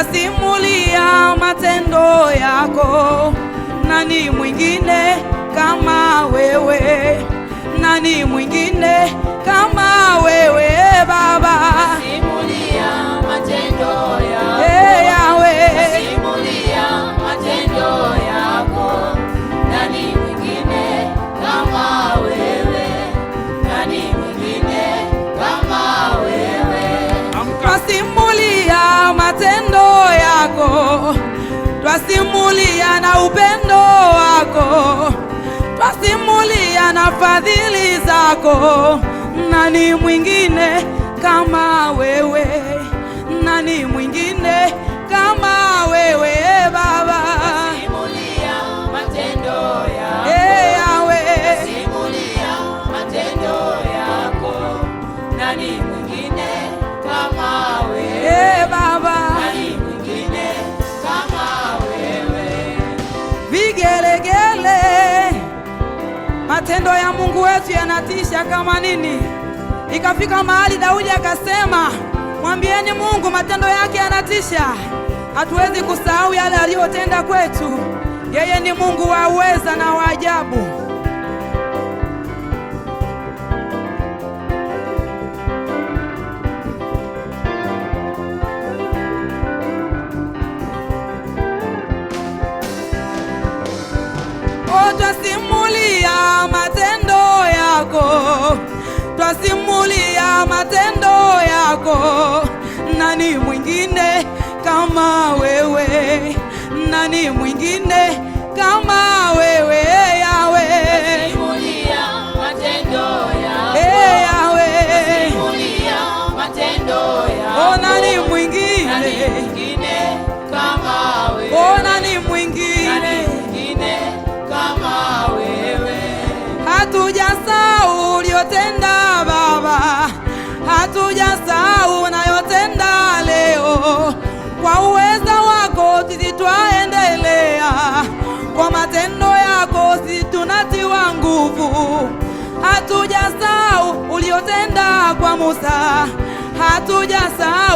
wasimulia matendo yako. Nani mwingine kama wewe? Nani mwingine kama wewe Baba? Wasimulia matendo twasimulia na upendo wako, twasimulia na fadhili zako. Nani mwingine kama wewe? Nani mwingine kama wewe Baba? Twasimulia matendo yako, hey, ee yawe. Twasimulia matendo yako. Nani mwingine kama wewe? Ee Baba? Matendo ya Mungu wetu yanatisha kama nini! Ikafika mahali Daudi akasema, mwambieni Mungu matendo yake yanatisha. Hatuwezi kusahau yale aliyotenda kwetu. Yeye ni Mungu wa uweza na wa ajabu. Oh, twasimulia matendo yako, twasimulia matendo yako. Nani mwingine kama wewe? Nani mwingine kama wewe? sahau uliotenda Baba, hatujasahau unayotenda leo. Kwa uweza wako sisi twaendelea, kwa matendo yako sisi tunatiwa nguvu. Hatujasahau uliotenda kwa Musa, hatujasahau